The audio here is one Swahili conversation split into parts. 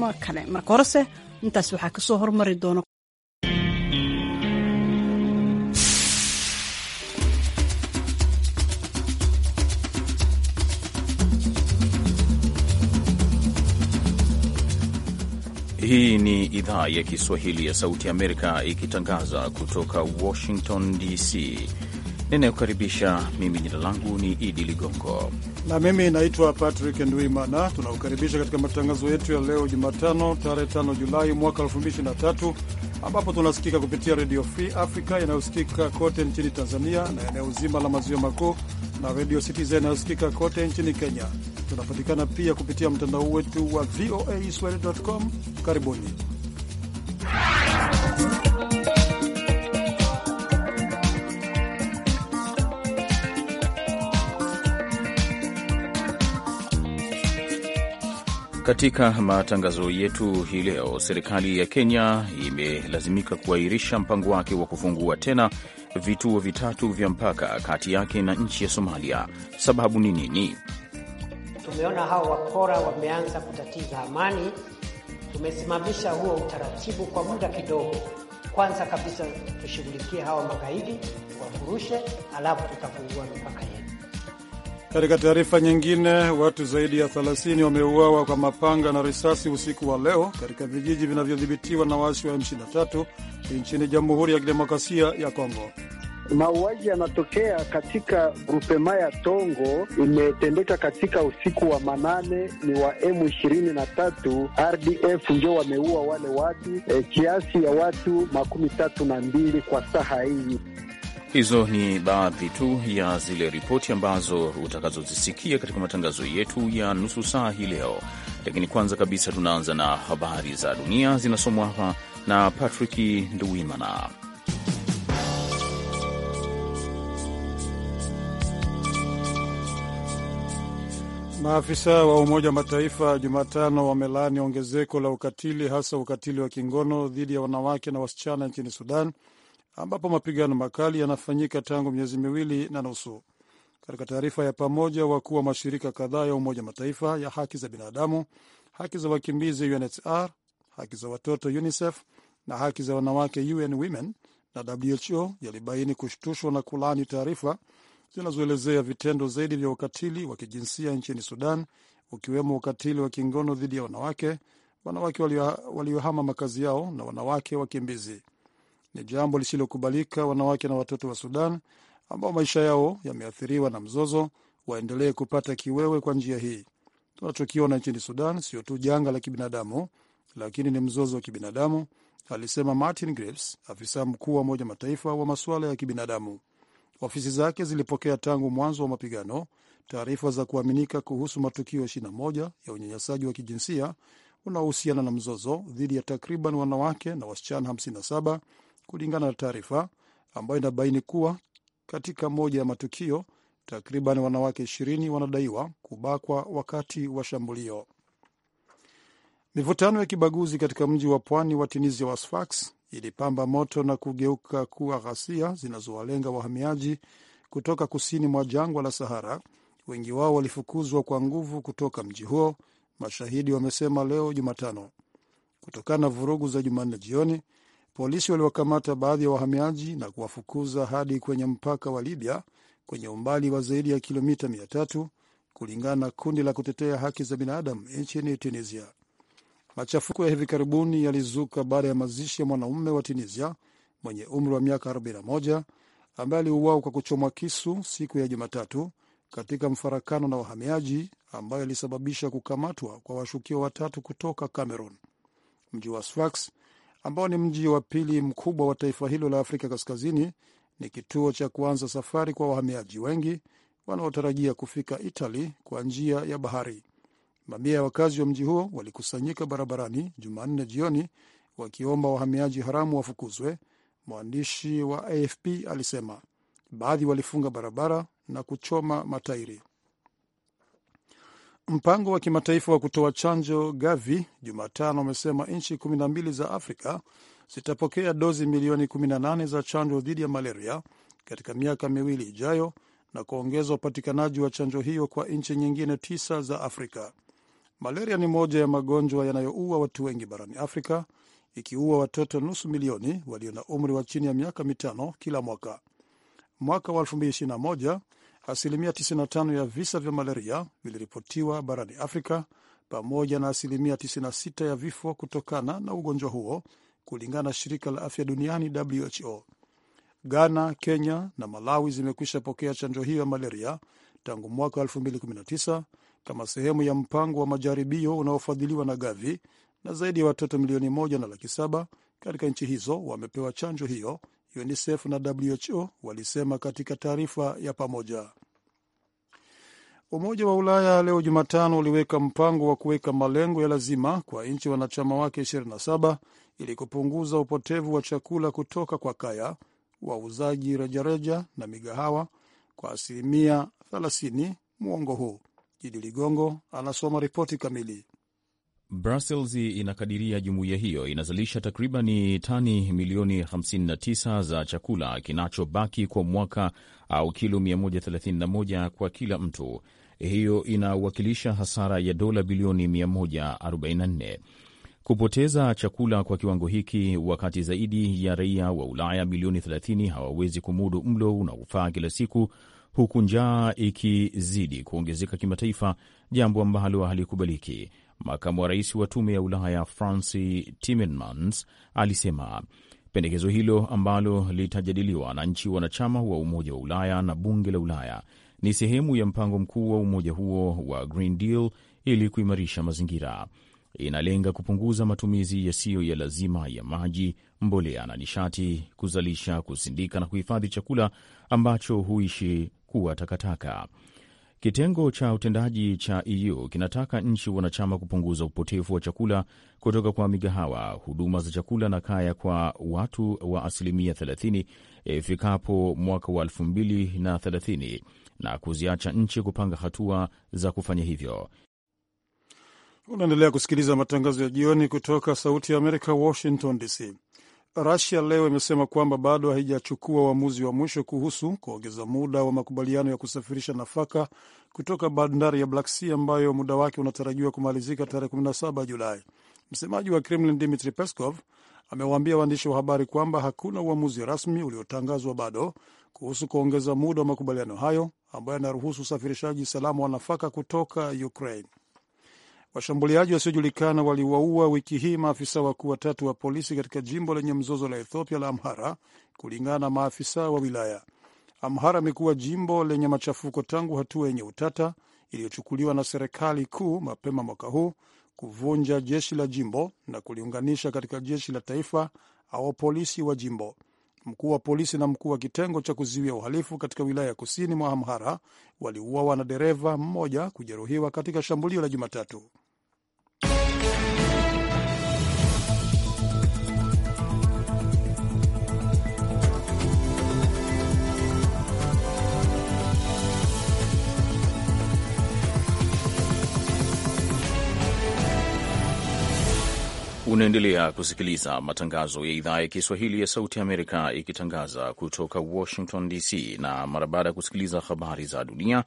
kale marka horese intaas waxaa ka soo hormari doono Hii ni idhaa ya Kiswahili ya Sauti ya Amerika ikitangaza kutoka Washington DC ninayokaribisha mimi, jina langu ni Idi Ligongo na mimi naitwa Patrick Ndwimana. Tunakukaribisha katika matangazo yetu ya leo Jumatano tarehe 5 Julai mwaka 2023 ambapo tunasikika kupitia Redio Free Africa inayosikika kote nchini Tanzania na eneo zima la maziwa makuu na Redio Citizen inayosikika kote nchini Kenya. Tunapatikana pia kupitia mtandao wetu wa voa swahili.com. Karibuni. Katika matangazo yetu hii leo, serikali ya Kenya imelazimika kuahirisha mpango wake wa kufungua tena vituo vitatu vya mpaka kati yake na nchi ya Somalia. Sababu ni nini? Tumeona hao wakora wameanza kutatiza amani. Tumesimamisha huo utaratibu kwa muda kidogo. Kwanza kabisa tushughulikie hawa magaidi, wafurushe, alafu tutafungua mipaka yetu. Katika taarifa nyingine, watu zaidi ya 30 wameuawa kwa mapanga na risasi usiku wa leo katika vijiji vinavyodhibitiwa na waasi wa M23 nchini Jamhuri ya Kidemokrasia ya Kongo. Mauaji yanatokea katika grupema ya Tongo, imetendeka katika usiku wa manane. Ni wa M23 RDF ndio wameua wale watu e, kiasi ya watu makumi tatu na mbili kwa saha hii. Hizo ni baadhi tu ya zile ripoti ambazo utakazozisikia katika matangazo yetu ya nusu saa hii leo, lakini kwanza kabisa tunaanza na habari za dunia zinasomwa hapa na Patrick Nduwimana. Maafisa wa Umoja wa Mataifa Jumatano wamelaani ongezeko la ukatili, hasa ukatili wa kingono dhidi ya wanawake na wasichana nchini Sudan ambapo mapigano makali yanafanyika tangu miezi miwili na nusu. Katika taarifa ya pamoja, wakuu wa mashirika kadhaa ya Umoja Mataifa ya haki za binadamu, haki za wakimbizi UNHCR, haki za watoto UNICEF na haki za wanawake UN Women na WHO yalibaini kushtushwa na kulaani taarifa zinazoelezea vitendo zaidi vya ukatili wa kijinsia nchini Sudan, ukiwemo ukatili wa kingono dhidi ya wanawake, wanawake waliohama wali makazi yao na wanawake wakimbizi ni jambo lisilokubalika. Wanawake na watoto wa Sudan ambao maisha yao yameathiriwa na mzozo waendelee kupata kiwewe kwa njia hii. Tunachokiona nchini Sudan sio tu janga la kibinadamu, lakini ni mzozo wa kibinadamu, alisema Martin Griffiths, afisa mkuu wa Umoja Mataifa wa masuala ya kibinadamu. Ofisi zake zilipokea tangu mwanzo wa mapigano taarifa za kuaminika kuhusu matukio 21 ya unyanyasaji wa kijinsia unaohusiana na mzozo dhidi ya takriban wanawake na wasichana 57 kulingana na taarifa ambayo inabaini kuwa katika moja ya matukio takriban wanawake ishirini wanadaiwa kubakwa wakati wa shambulio. Mivutano ya kibaguzi katika mji wa pwani wa Tunisia wa Sfax ilipamba moto na kugeuka kuwa ghasia zinazowalenga wahamiaji kutoka kusini mwa jangwa la Sahara. Wengi wao walifukuzwa kwa nguvu kutoka mji huo, mashahidi wamesema leo Jumatano, kutokana na vurugu za Jumanne jioni Polisi waliwakamata baadhi ya wahamiaji na kuwafukuza hadi kwenye mpaka wa Libya kwenye umbali wa zaidi ya kilomita mia tatu kulingana na kundi la kutetea haki za binadamu nchini Tunisia. Machafuko ya hivi karibuni yalizuka baada ya mazishi ya mwanaume wa Tunisia mwenye umri wa miaka 41 ambaye aliuawa kwa kuchomwa kisu siku ya Jumatatu katika mfarakano na wahamiaji ambayo ilisababisha kukamatwa kwa washukiwa watatu kutoka Cameroon. Mji wa Sfax ambao ni mji wa pili mkubwa wa taifa hilo la Afrika Kaskazini, ni kituo cha kuanza safari kwa wahamiaji wengi wanaotarajia kufika Itali kwa njia ya bahari. Mamia ya wakazi wa mji huo walikusanyika barabarani Jumanne jioni wakiomba wahamiaji haramu wafukuzwe. Mwandishi wa AFP alisema baadhi walifunga barabara na kuchoma matairi. Mpango wa kimataifa wa kutoa chanjo Gavi Jumatano amesema nchi 12 za Afrika zitapokea dozi milioni 18 za chanjo dhidi ya malaria katika miaka miwili ijayo na kuongeza upatikanaji wa chanjo hiyo kwa nchi nyingine tisa za Afrika. Malaria ni moja ya magonjwa yanayoua watu wengi barani Afrika, ikiua watoto nusu milioni walio na umri wa chini ya miaka mitano kila mwaka. Mwaka wa asilimia 95 ya visa vya malaria viliripotiwa barani Afrika pamoja na asilimia 96 ya vifo kutokana na ugonjwa huo, kulingana na shirika la afya duniani WHO. Ghana, Kenya na Malawi zimekwisha pokea chanjo hiyo ya malaria tangu mwaka 2019 kama sehemu ya mpango wa majaribio unaofadhiliwa na Gavi, na zaidi ya watoto milioni moja na laki saba katika nchi hizo wamepewa chanjo hiyo, UNICEF na WHO walisema katika taarifa ya pamoja. Umoja wa Ulaya leo Jumatano uliweka mpango wa kuweka malengo ya lazima kwa nchi wanachama wake 27 ili kupunguza upotevu wa chakula kutoka kwa kaya, wauzaji rejareja na migahawa kwa asilimia 30 mwongo huu. Jidi Ligongo anasoma ripoti kamili. Brussels inakadiria jumuiya hiyo inazalisha takribani tani milioni 59 za chakula kinachobaki kwa mwaka au kilo 131 kwa kila mtu hiyo inawakilisha hasara ya dola bilioni 144. Kupoteza chakula kwa kiwango hiki, wakati zaidi ya raia wa Ulaya milioni 30 hawawezi kumudu mlo unaofaa kila siku, huku njaa ikizidi kuongezeka kimataifa, jambo ambalo halikubaliki. Makamu wa rais wa tume ya Ulaya franci Timmermans alisema pendekezo hilo ambalo litajadiliwa na nchi wanachama wa Umoja wa Ulaya na Bunge la Ulaya ni sehemu ya mpango mkuu wa umoja huo wa Green Deal ili kuimarisha mazingira. Inalenga kupunguza matumizi yasiyo ya lazima ya maji, mbolea na nishati, kuzalisha, kusindika na kuhifadhi chakula ambacho huishi kuwa takataka. Kitengo cha utendaji cha EU kinataka nchi wanachama kupunguza upotevu wa chakula kutoka kwa migahawa, huduma za chakula na kaya kwa watu wa asilimia 30 ifikapo mwaka wa 2030 na kuziacha nchi kupanga hatua za kufanya hivyo. Unaendelea kusikiliza matangazo ya jioni kutoka Sauti ya Amerika, Washington DC. Rasia leo imesema kwamba bado haijachukua uamuzi wa mwisho kuhusu kuongeza muda wa makubaliano ya kusafirisha nafaka kutoka bandari ya Black Sea ambayo muda wake unatarajiwa kumalizika tarehe 17 Julai. Msemaji wa Kremlin Dmitri Peskov amewaambia waandishi wa habari kwamba hakuna uamuzi rasmi uliotangazwa bado kuhusu kuongeza muda wa makubaliano hayo ambayo yanaruhusu usafirishaji salama wa nafaka kutoka Ukraine. Washambuliaji wasiojulikana waliwaua wiki hii maafisa wakuu watatu wa polisi katika jimbo lenye mzozo la Ethiopia la Amhara, kulingana na maafisa wa wilaya. Amhara amekuwa jimbo lenye machafuko tangu hatua yenye utata iliyochukuliwa na serikali kuu mapema mwaka huu kuvunja jeshi la jimbo na kuliunganisha katika jeshi la taifa au polisi wa jimbo mkuu wa polisi na mkuu wa kitengo cha kuzuia uhalifu katika wilaya ya kusini mwa Amhara waliuawa na dereva mmoja kujeruhiwa katika shambulio la Jumatatu. Unaendelea kusikiliza matangazo ya idhaa ya Kiswahili ya Sauti Amerika ikitangaza kutoka Washington DC, na mara baada ya kusikiliza habari za dunia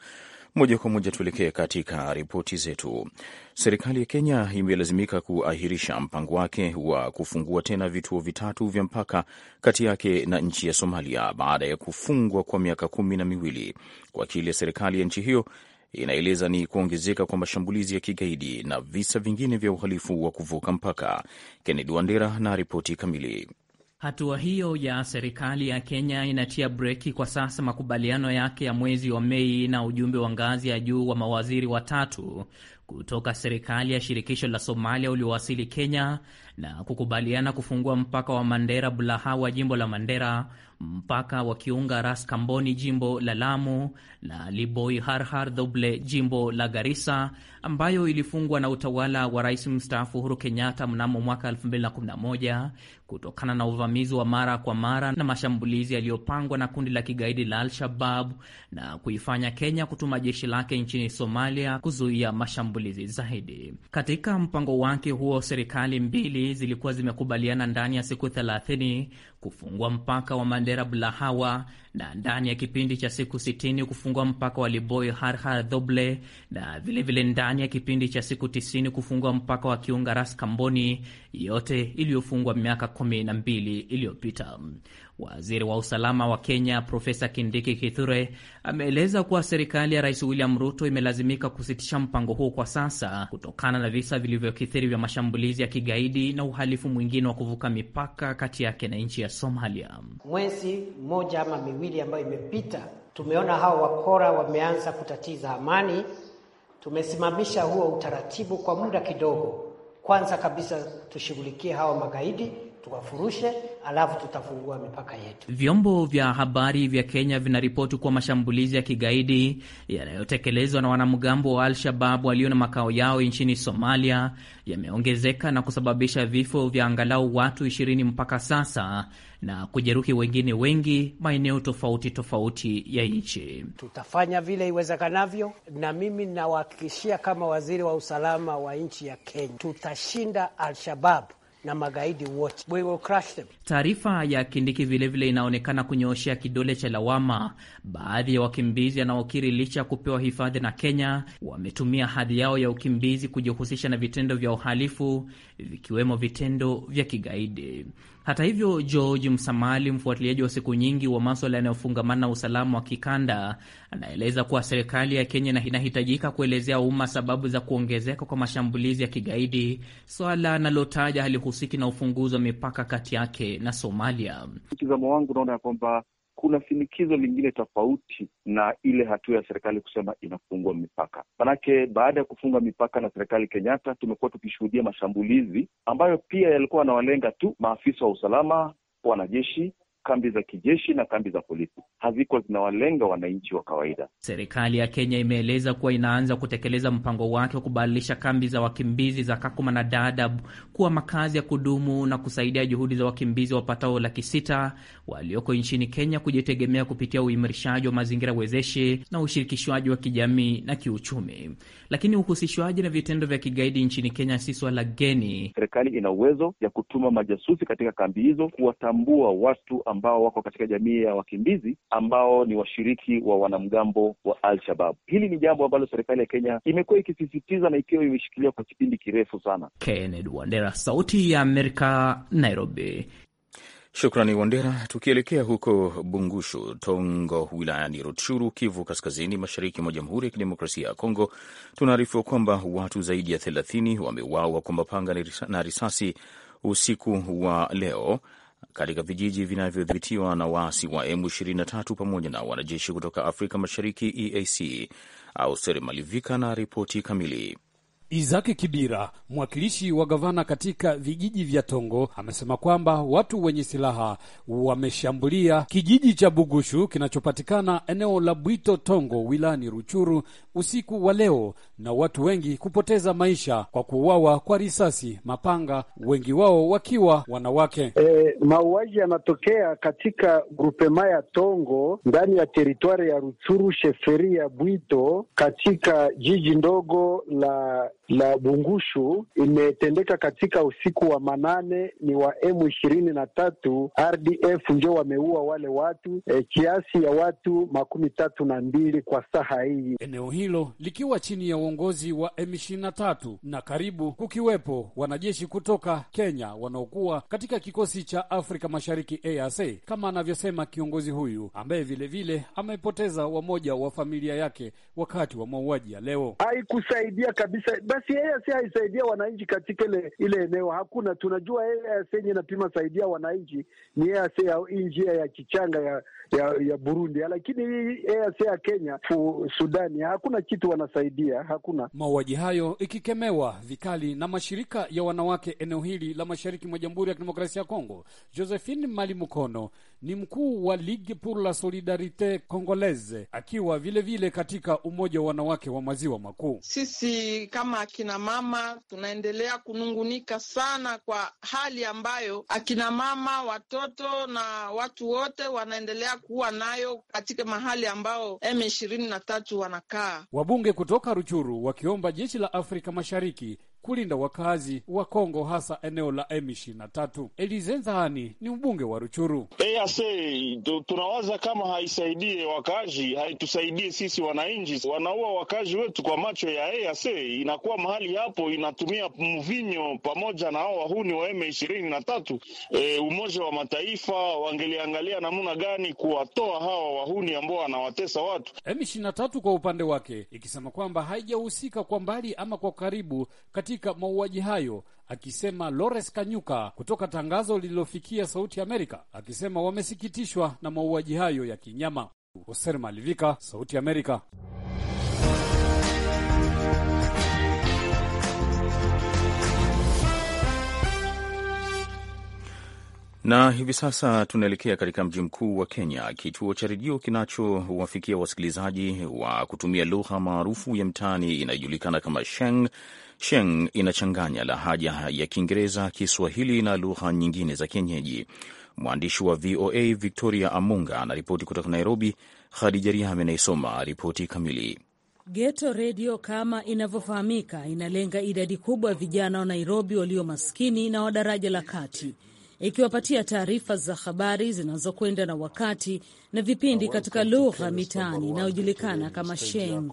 moja kwa moja, tuelekee katika ripoti zetu. Serikali ya Kenya imelazimika kuahirisha mpango wake wa kufungua tena vituo vitatu vya mpaka kati yake na nchi ya Somalia baada ya kufungwa kwa miaka kumi na miwili kwa kile serikali ya nchi hiyo inaeleza ni kuongezeka kwa mashambulizi ya kigaidi na visa vingine vya uhalifu wa kuvuka mpaka. Kennedy Wandera na ripoti kamili. Hatua hiyo ya serikali ya Kenya inatia breki kwa sasa makubaliano yake ya mwezi wa Mei na ujumbe wa ngazi ya juu wa mawaziri watatu kutoka serikali ya shirikisho la Somalia uliowasili Kenya na kukubaliana kufungua mpaka wa Mandera Bulaha wa jimbo la Mandera mpaka wakiunga Ras Kamboni jimbo la Lamu na Liboi Harhar Dhuble jimbo la Garisa, ambayo ilifungwa na utawala wa rais mstaafu Uhuru Kenyatta mnamo mwaka 2011 kutokana na uvamizi wa mara kwa mara na mashambulizi yaliyopangwa na kundi la kigaidi la Al-Shabab na kuifanya Kenya kutuma jeshi lake nchini Somalia kuzuia mashambulizi zaidi. Katika mpango wake huo, serikali mbili zilikuwa zimekubaliana ndani ya siku 30 kufungua mpaka wa Mandera Bulahawa na ndani ya kipindi cha siku sitini kufungua mpaka wa Liboy Harhar Doble na vilevile ndani ya kipindi cha siku tisini kufungua mpaka wa Kiunga Ras Kamboni, yote iliyofungwa miaka kumi na mbili iliyopita. Waziri wa usalama wa Kenya Profesa Kindiki Kithure ameeleza kuwa serikali ya Rais William Ruto imelazimika kusitisha mpango huo kwa sasa kutokana na visa vilivyokithiri vya mashambulizi ya kigaidi na uhalifu mwingine wa kuvuka mipaka kati yake na nchi ya Somalia. Mwezi mmoja ama miwili ambayo imepita, tumeona hao wakora wameanza kutatiza amani. Tumesimamisha huo utaratibu kwa muda kidogo. Kwanza kabisa tushughulikie hawa magaidi, tuwafurushe alafu tutafungua mipaka yetu. Vyombo vya habari vya Kenya vinaripoti kuwa mashambulizi ya kigaidi yanayotekelezwa na wanamgambo wa Al-Shabab walio na makao yao nchini Somalia yameongezeka na kusababisha vifo vya angalau watu 20 mpaka sasa na kujeruhi wengine wengi maeneo tofauti tofauti ya nchi. Tutafanya vile iwezekanavyo, na mimi nawahakikishia kama waziri wa usalama wa nchi ya Kenya tutashinda Al-Shabab na magaidi wote. We will crush them. Taarifa ya Kindiki vilevile inaonekana kunyooshea kidole cha lawama baadhi ya wakimbizi anaokiri licha ya kupewa hifadhi na Kenya wametumia hadhi yao ya ukimbizi kujihusisha na vitendo vya uhalifu vikiwemo vitendo vya kigaidi. Hata hivyo, George Msamali, mfuatiliaji wa siku nyingi wa maswala yanayofungamana na usalama wa kikanda, anaeleza kuwa serikali ya Kenya inahitajika kuelezea umma sababu za kuongezeka kwa mashambulizi ya kigaidi, swala analotaja hali kuhusiki na ufunguzi wa mipaka kati yake na Somalia. Mtizamo wangu unaona ya kwamba kuna shinikizo lingine tofauti na ile hatua ya serikali kusema inafungua mipaka. Manake baada ya kufunga mipaka na serikali Kenyatta, tumekuwa tukishuhudia mashambulizi ambayo pia yalikuwa yanawalenga tu maafisa wa usalama, wanajeshi kambi za kijeshi na kambi za polisi haziko zinawalenga wananchi wa kawaida. Serikali ya Kenya imeeleza kuwa inaanza kutekeleza mpango wake wa kubadilisha kambi za wakimbizi za Kakuma na Dadaab kuwa makazi ya kudumu na kusaidia juhudi za wakimbizi wapatao laki sita walioko nchini Kenya kujitegemea kupitia uimarishaji wa mazingira wezeshi na ushirikishwaji wa kijamii na kiuchumi. Lakini uhusishwaji na vitendo vya kigaidi nchini Kenya si swala geni. Serikali ina uwezo ya kutuma majasusi katika kambi hizo kuwatambua watu ambao wako katika jamii ya wakimbizi ambao ni washiriki wa wanamgambo wa Al-Shabab. Hili ni jambo ambalo serikali ya Kenya imekuwa ikisisitiza na ikiwa imeshikilia kwa kipindi kirefu sana. Kennedy Wandera, Sauti ya Amerika, Nairobi. Shukrani Wandera. Tukielekea huko Bungushu Tongo, wilayani Rutshuru, Kivu Kaskazini, mashariki mwa Jamhuri ya Kidemokrasia ya Kongo, tunaarifiwa kwamba watu zaidi ya thelathini wameuawa kwa mapanga na risasi usiku wa leo katika vijiji vinavyodhibitiwa na waasi wa M23 pamoja na wanajeshi kutoka Afrika Mashariki, EAC. Austeri Malivika na ripoti kamili. Isaki Kibira, mwakilishi wa gavana katika vijiji vya Tongo, amesema kwamba watu wenye silaha wameshambulia kijiji cha Bugushu kinachopatikana eneo la Bwito Tongo wilani Ruchuru usiku wa leo, na watu wengi kupoteza maisha kwa kuuawa kwa risasi, mapanga, wengi wao wakiwa wanawake. E, mauaji yanatokea katika grupema ya Tongo ndani ya teritwari ya Ruchuru, sheferi ya Bwito katika jiji ndogo la la Bungushu imetendeka katika usiku wa manane, ni wa M ishirini na tatu RDF ndio wameua wale watu e, kiasi ya watu makumi tatu na mbili kwa saha hii, eneo hilo likiwa chini ya uongozi wa M ishirini na tatu na karibu kukiwepo wanajeshi kutoka Kenya wanaokuwa katika kikosi cha Afrika Mashariki EAC kama anavyosema kiongozi huyu ambaye vilevile amepoteza wamoja wa familia yake wakati wa mauaji ya leo. Haikusaidia kabisa basi yeye si haisaidia wananchi katika ile ile eneo hakuna. Tunajua yeye senye napima saidia wananchi ni yeye hii njia ya kichanga ya ya, ya Burundi, lakini hii EAC ya Kenya fu Sudani hakuna kitu wanasaidia, hakuna. Mauaji hayo ikikemewa vikali na mashirika ya wanawake eneo hili la mashariki mwa Jamhuri ya Kidemokrasia ya Kongo. Josephine Mali Mukono ni mkuu wa Ligue pour la Solidarite Congolaise, akiwa vilevile vile katika umoja wa wanawake wa maziwa makuu. Sisi kama akina mama tunaendelea kunungunika sana kwa hali ambayo akina mama, watoto na watu wote wanaendelea kuwa nayo katika mahali ambao M23 wanakaa. Wabunge kutoka Ruchuru wakiomba jeshi la Afrika Mashariki kulinda wakazi wa Kongo, hasa eneo la M23. Elize Nzahani ni mbunge wa Ruchuru. EAC tunawaza kama haisaidie wakazi, haitusaidie sisi wananchi, wanaua wakazi wetu kwa macho ya EAC. Inakuwa mahali hapo inatumia mvinyo pamoja na hao wahuni wa M23. E, Umoja wa Mataifa wangeliangalia namna gani kuwatoa hawa wahuni ambao wanawatesa watu. M23 kwa upande wake ikisema kwamba haijahusika kwa mbali ama kwa karibu kati katika mauaji hayo, akisema lores Kanyuka kutoka tangazo lililofikia Sauti Amerika, akisema wamesikitishwa na mauaji hayo ya kinyama. Hoser Malivika, Sauti Amerika. Na hivi sasa tunaelekea katika mji mkuu wa Kenya, kituo cha redio kinachowafikia wasikilizaji wa kutumia lugha maarufu ya mtaani inayojulikana kama Sheng Sheng inachanganya lahaja ya Kiingereza, Kiswahili na lugha nyingine za kienyeji. Mwandishi wa VOA Victoria Amunga anaripoti kutoka Nairobi. Khadija Riame anaisoma ripoti kamili. Geto redio kama inavyofahamika, inalenga idadi kubwa ya vijana wa Nairobi walio maskini na wa daraja la kati ikiwapatia taarifa za habari zinazokwenda na wakati na vipindi katika lugha mitaani inayojulikana kama Sheng.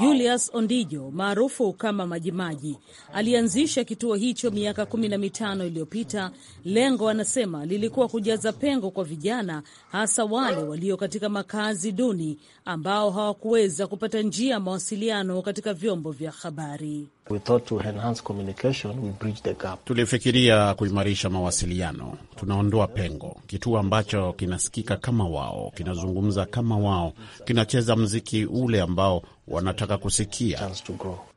Julius Ondijo maarufu kama Majimaji alianzisha kituo hicho miaka kumi na mitano iliyopita. Lengo anasema lilikuwa kujaza pengo kwa vijana, hasa wale walio katika makazi duni ambao hawakuweza kupata njia ya mawasiliano katika vyombo vya habari. Tulifikiria kuimarisha mawasiliano wao, tunaondoa pengo. Kituo ambacho kinasikika kama wao, kinazungumza kama wao, kinacheza mziki ule ambao wanataka kusikia.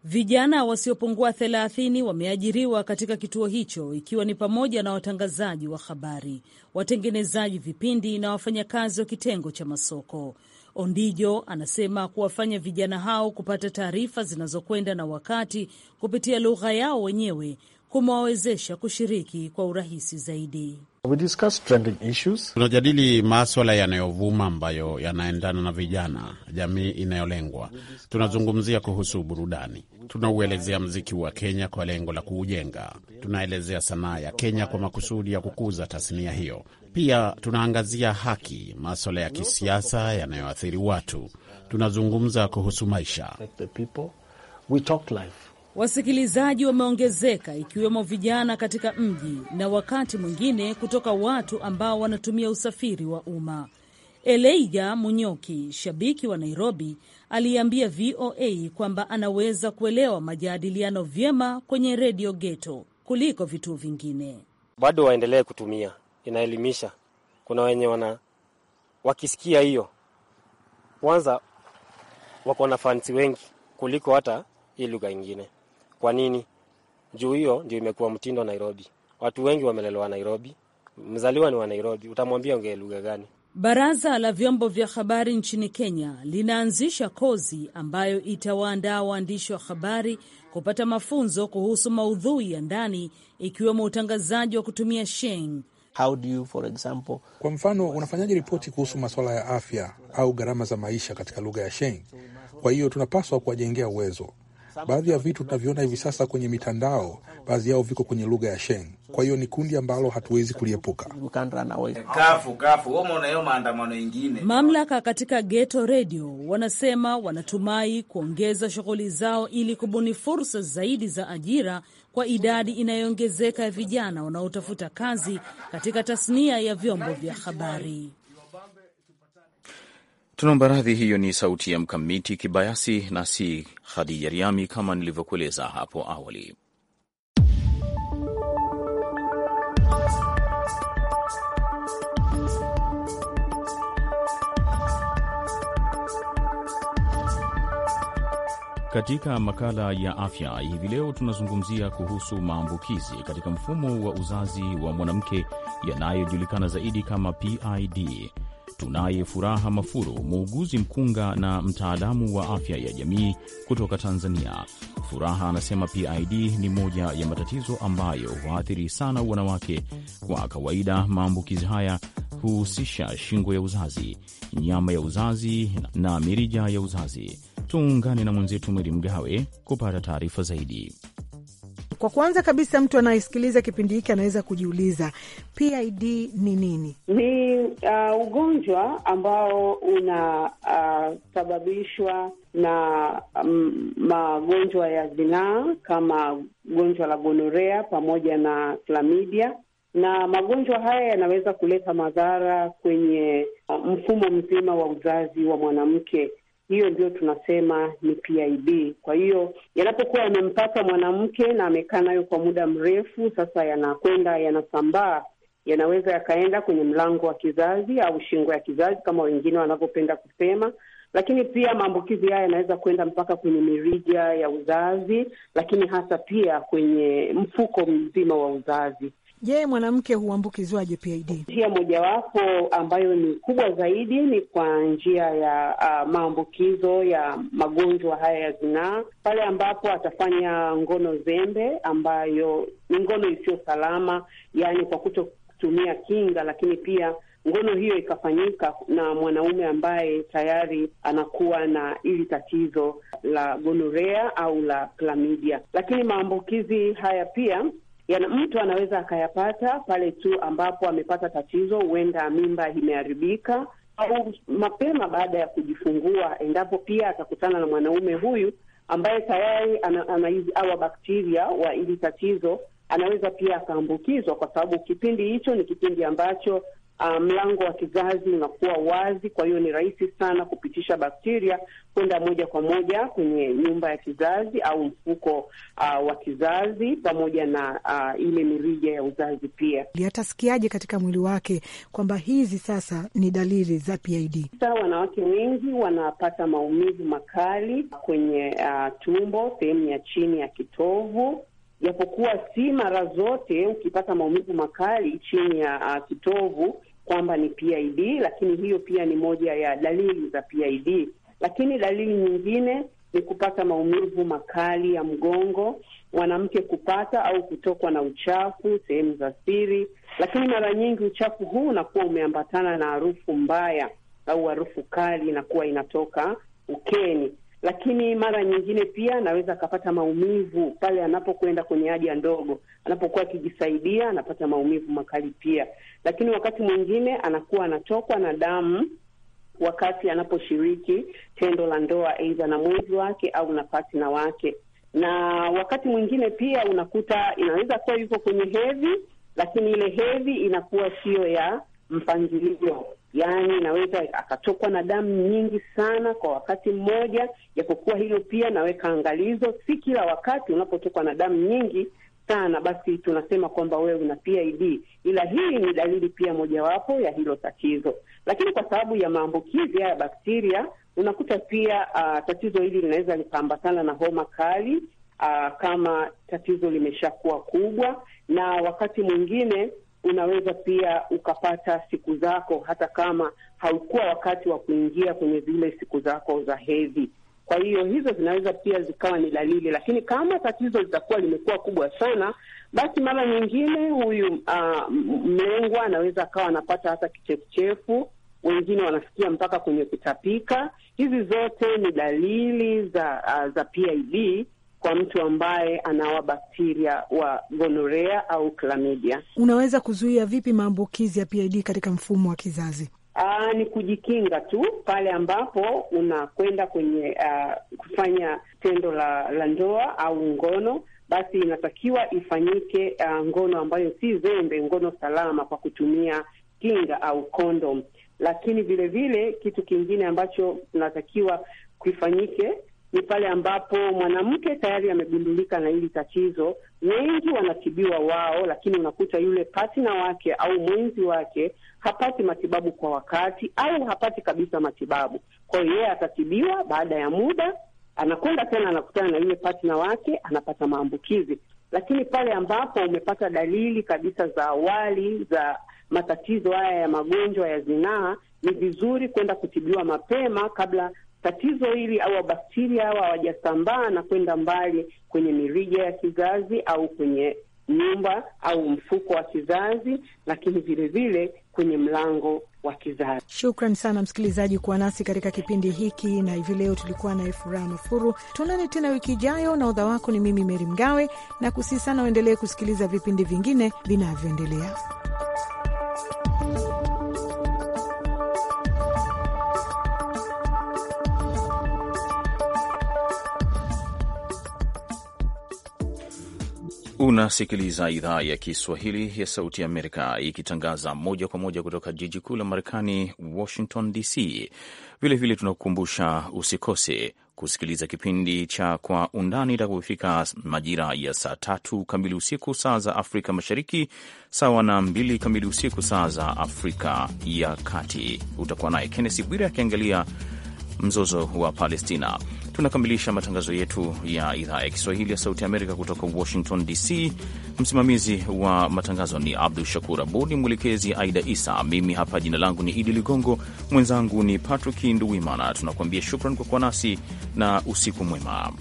Vijana wasiopungua thelathini wameajiriwa katika kituo hicho, ikiwa ni pamoja na watangazaji wa habari, watengenezaji vipindi na wafanyakazi wa kitengo cha masoko. Ondijo anasema kuwafanya vijana hao kupata taarifa zinazokwenda na wakati kupitia lugha yao wenyewe kumewawezesha kushiriki kwa urahisi zaidi. Tunajadili maswala yanayovuma ambayo yanaendana na vijana, jamii inayolengwa. Tunazungumzia kuhusu burudani, tunauelezea mziki wa Kenya kwa lengo la kuujenga. Tunaelezea sanaa ya Kenya kwa makusudi ya kukuza tasnia hiyo. Pia tunaangazia haki, maswala ya kisiasa yanayoathiri watu. Tunazungumza kuhusu maisha. We talk life. Wasikilizaji wameongezeka ikiwemo vijana katika mji na wakati mwingine kutoka watu ambao wanatumia usafiri wa umma. Eleija Munyoki, shabiki wa Nairobi, aliambia VOA kwamba anaweza kuelewa majadiliano vyema kwenye redio Geto kuliko vituo vingine. Bado waendelee kutumia, inaelimisha. Kuna wenye wana wakisikia hiyo kwanza, wako na fansi wengi kuliko hata hii lugha ingine. Kwa nini? Juu hiyo ndio imekuwa mtindo Nairobi. Watu wengi wamelelewa Nairobi, mzaliwa ni wa Nairobi, utamwambia ongee lugha gani? Baraza la vyombo vya habari nchini Kenya linaanzisha kozi ambayo itawaandaa waandishi wa habari kupata mafunzo kuhusu maudhui ya ndani ikiwemo utangazaji wa kutumia sheng. How do you, for example, kwa mfano unafanyaje ripoti kuhusu masuala ya afya au gharama za maisha katika lugha ya sheng? Kwa hiyo tunapaswa kuwajengea uwezo Baadhi ya vitu tunavyoona hivi sasa kwenye mitandao, baadhi yao viko kwenye lugha ya Sheng. Kwa hiyo ni kundi ambalo hatuwezi kuliepuka. Mamlaka katika Geto Redio wanasema wanatumai kuongeza shughuli zao ili kubuni fursa zaidi za ajira kwa idadi inayoongezeka ya vijana wanaotafuta kazi katika tasnia ya vyombo vya habari. Tunaomba radhi, hiyo ni sauti ya Mkamiti Kibayasi na si Khadija Riami kama nilivyokueleza hapo awali. Katika makala ya afya hivi leo tunazungumzia kuhusu maambukizi katika mfumo wa uzazi wa mwanamke yanayojulikana zaidi kama PID. Tunaye Furaha Mafuru, muuguzi mkunga na mtaalamu wa afya ya jamii kutoka Tanzania. Furaha anasema PID ni moja ya matatizo ambayo huathiri sana wanawake. Kwa kawaida, maambukizi haya huhusisha shingo ya uzazi, nyama ya uzazi na mirija ya uzazi. Tuungane na mwenzetu Mweri Mgawe kupata taarifa zaidi. Kwa kwanza kabisa, mtu anayesikiliza kipindi hiki anaweza kujiuliza PID ni nini? Ni uh, ugonjwa ambao unasababishwa uh, na um, magonjwa ya zinaa kama gonjwa la gonorea pamoja na klamidia na magonjwa haya yanaweza kuleta madhara kwenye uh, mfumo mzima wa uzazi wa mwanamke. Hiyo ndio tunasema ni PID. Kwa hiyo yanapokuwa yamempata mwanamke na amekaa nayo kwa muda mrefu, sasa yanakwenda yanasambaa, yanaweza yakaenda kwenye mlango wa kizazi au shingo ya kizazi kama wengine wanavyopenda kusema lakini pia maambukizi haya yanaweza kwenda mpaka kwenye mirija ya uzazi, lakini hasa pia kwenye mfuko mzima wa uzazi. Je, mwanamke huambukizwaje PID? Njia mojawapo ambayo ni kubwa zaidi ni kwa njia ya uh, maambukizo ya magonjwa haya ya zinaa, pale ambapo atafanya ngono zembe ambayo ni ngono isiyo salama, yaani kwa kuto kutumia kinga, lakini pia ngono hiyo ikafanyika na mwanaume ambaye tayari anakuwa na hili tatizo la gonorea au la klamidia. Lakini maambukizi haya pia yana mtu anaweza akayapata pale tu ambapo amepata tatizo, huenda mimba imeharibika au mapema baada ya kujifungua, endapo pia atakutana na mwanaume huyu ambaye tayari awa bakteria wa hili tatizo, anaweza pia akaambukizwa, kwa sababu kipindi hicho ni kipindi ambacho uh, mlango wa kizazi unakuwa wazi, kwa hiyo ni rahisi sana kupitisha bakteria kwenda moja kwa moja kwenye nyumba ya kizazi au mfuko uh, wa kizazi pamoja na uh, ile mirija ya uzazi. Pia atasikiaje katika mwili wake kwamba hizi sasa ni dalili za PID? Sasa wanawake wengi wanapata maumivu makali kwenye uh, tumbo, sehemu ya chini ya kitovu japokuwa si mara zote ukipata maumivu makali chini ya uh, kitovu kwamba ni PID, lakini hiyo pia ni moja ya dalili za PID. Lakini dalili nyingine ni kupata maumivu makali ya mgongo, mwanamke kupata au kutokwa na uchafu sehemu za siri, lakini mara nyingi uchafu huu unakuwa umeambatana na harufu mbaya au harufu kali inakuwa inatoka ukeni lakini mara nyingine pia anaweza akapata maumivu pale anapokwenda kwenye haja ndogo. Anapokuwa akijisaidia anapata maumivu makali pia, lakini wakati mwingine anakuwa anatokwa na damu wakati anaposhiriki tendo la ndoa, aidha na mwenzi wake au na partner wake. Na wakati mwingine pia unakuta inaweza kuwa yuko kwenye hedhi, lakini ile hedhi inakuwa siyo ya mpangilio yaani naweza akatokwa na damu nyingi sana kwa wakati mmoja, japokuwa hilo pia naweka angalizo, si kila wakati unapotokwa na damu nyingi sana basi tunasema kwamba wewe una PID, ila hii ni dalili pia mojawapo ya hilo tatizo. Lakini kwa sababu ya maambukizi haya bakteria, unakuta pia uh, tatizo hili linaweza likaambatana na homa kali uh, kama tatizo limeshakuwa kubwa, na wakati mwingine unaweza pia ukapata siku zako hata kama haukuwa wakati wa kuingia kwenye zile siku zako za hedhi. Kwa hiyo hizo zinaweza pia zikawa ni dalili, lakini kama tatizo litakuwa limekuwa kubwa sana, basi mara nyingine huyu uh, mlengwa anaweza akawa anapata hata kichefuchefu, wengine wanafikia mpaka kwenye kutapika. Hizi zote ni dalili za uh, za PID kwa mtu ambaye anawa bakteria wa gonorea au klamidia. Unaweza kuzuia vipi maambukizi ya PID katika mfumo wa kizazi? Aa, ni kujikinga tu pale ambapo unakwenda kwenye uh, kufanya tendo la, la ndoa au ngono, basi inatakiwa ifanyike uh, ngono ambayo si zembe, ngono salama kwa kutumia kinga au kondom. Lakini vilevile kitu kingine ambacho tunatakiwa kifanyike ni pale ambapo mwanamke tayari amegundulika na hili tatizo. Wengi wanatibiwa wao, lakini unakuta yule partner wake au mwenzi wake hapati matibabu kwa wakati au hapati kabisa matibabu. Kwa hiyo yeye atatibiwa, baada ya muda anakwenda tena anakutana na yule partner wake, anapata maambukizi. Lakini pale ambapo umepata dalili kabisa za awali za matatizo haya ya magonjwa ya zinaa, ni vizuri kwenda kutibiwa mapema kabla tatizo hili au bakteria hawa hawajasambaa na kwenda mbali kwenye mirija ya kizazi au kwenye nyumba au mfuko wa kizazi, lakini vilevile kwenye mlango wa kizazi. Shukran sana msikilizaji kuwa nasi katika kipindi hiki, na hivi leo tulikuwa naye Furaha Mafuru. Tuonane tena wiki ijayo, na udha wako ni mimi Meri Mgawe, na kusihi sana uendelee kusikiliza vipindi vingine vinavyoendelea. Unasikiliza idhaa ya Kiswahili ya Sauti ya Amerika ikitangaza moja kwa moja kutoka jiji kuu la Marekani, Washington DC. Vilevile tunakukumbusha usikose kusikiliza kipindi cha Kwa Undani itakapofika majira ya saa tatu kamili usiku saa za Afrika Mashariki, sawa na mbili kamili usiku saa za Afrika ya Kati. Utakuwa naye Kennesi Bwire akiangalia mzozo wa Palestina. Tunakamilisha matangazo yetu ya idhaa ya Kiswahili ya Sauti Amerika kutoka Washington DC. Msimamizi wa matangazo ni Abdu Shakur Abud, mwelekezi Aida Isa. Mimi hapa jina langu ni Idi Ligongo, mwenzangu ni Patrick Nduwimana. Tunakuambia shukran kwa kuwa nasi na usiku mwema.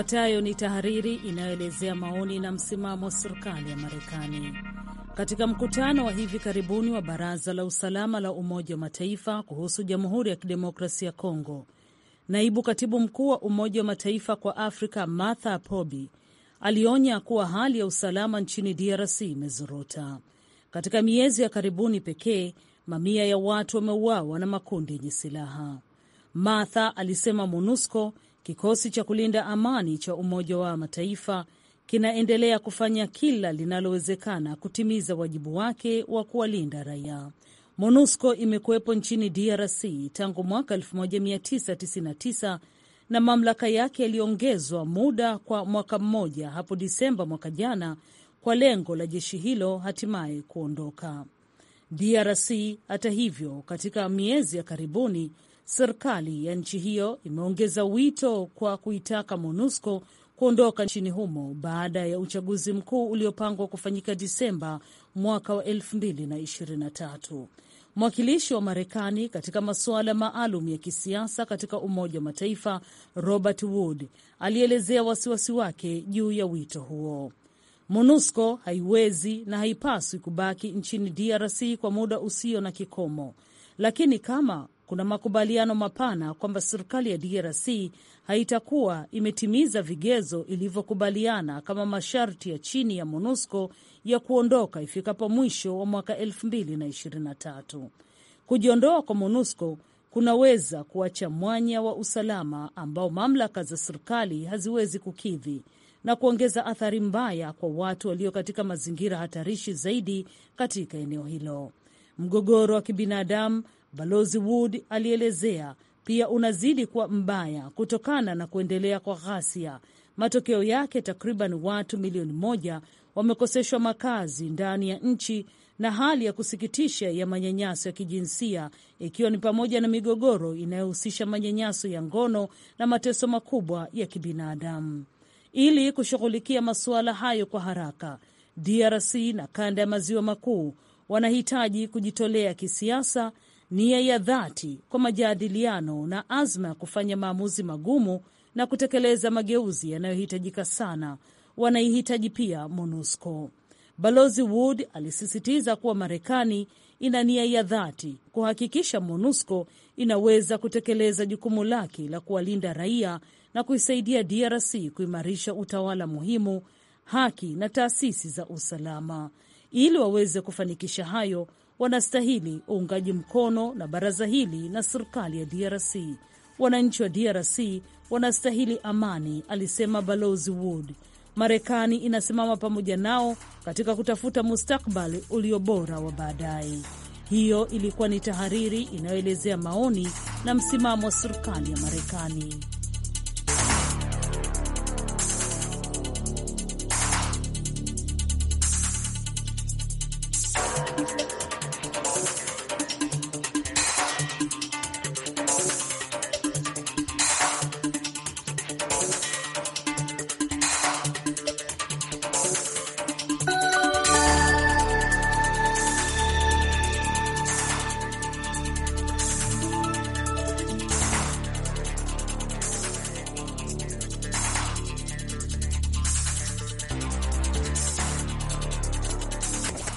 Ifuatayo ni tahariri inayoelezea maoni na msimamo wa serikali ya Marekani. Katika mkutano wa hivi karibuni wa Baraza la Usalama la Umoja wa Mataifa kuhusu Jamhuri ya Kidemokrasia ya Kongo, naibu katibu mkuu wa Umoja wa Mataifa kwa Afrika Martha Pobi alionya kuwa hali ya usalama nchini DRC imezorota. Katika miezi ya karibuni pekee, mamia ya watu wameuawa na makundi yenye silaha. Martha alisema MONUSCO Kikosi cha kulinda amani cha Umoja wa Mataifa kinaendelea kufanya kila linalowezekana kutimiza wajibu wake wa kuwalinda raia. MONUSCO imekuwepo nchini DRC tangu mwaka 1999 na mamlaka yake yaliongezwa muda kwa mwaka mmoja hapo Disemba mwaka jana kwa lengo la jeshi hilo hatimaye kuondoka DRC. Hata hivyo, katika miezi ya karibuni Serikali ya nchi hiyo imeongeza wito kwa kuitaka MONUSCO kuondoka nchini humo baada ya uchaguzi mkuu uliopangwa kufanyika Disemba mwaka wa 2023. Mwakilishi wa Marekani katika masuala maalum ya kisiasa katika Umoja wa Mataifa Robert Wood alielezea wasiwasi wake juu ya wito huo. MONUSCO haiwezi na haipaswi kubaki nchini DRC kwa muda usio na kikomo, lakini kama kuna makubaliano mapana kwamba serikali ya DRC haitakuwa imetimiza vigezo ilivyokubaliana kama masharti ya chini ya MONUSCO ya kuondoka ifikapo mwisho wa mwaka 2023. Kujiondoa kwa MONUSCO kunaweza kuacha mwanya wa usalama ambao mamlaka za serikali haziwezi kukidhi na kuongeza athari mbaya kwa watu walio katika mazingira hatarishi zaidi katika eneo hilo. Mgogoro wa kibinadamu Balozi Wood alielezea pia unazidi kuwa mbaya kutokana na kuendelea kwa ghasia. Matokeo yake, takriban watu milioni moja wamekoseshwa makazi ndani ya nchi na hali ya kusikitisha ya manyanyaso ya kijinsia ikiwa ni pamoja na migogoro inayohusisha manyanyaso ya ngono na mateso makubwa ya kibinadamu. Ili kushughulikia masuala hayo kwa haraka, DRC na kanda ya maziwa makuu wanahitaji kujitolea kisiasa nia ya dhati kwa majadiliano na azma ya kufanya maamuzi magumu na kutekeleza mageuzi yanayohitajika sana. Wanaihitaji pia MONUSCO. Balozi Wood alisisitiza kuwa Marekani ina nia ya dhati kuhakikisha MONUSCO inaweza kutekeleza jukumu lake la kuwalinda raia na kuisaidia DRC kuimarisha utawala muhimu, haki na taasisi za usalama. Ili waweze kufanikisha hayo, wanastahili uungaji mkono na baraza hili na serikali ya DRC. Wananchi wa DRC wanastahili amani, alisema Balozi Wood. Marekani inasimama pamoja nao katika kutafuta mustakbali ulio bora wa baadaye. Hiyo ilikuwa ni tahariri inayoelezea maoni na msimamo wa serikali ya Marekani.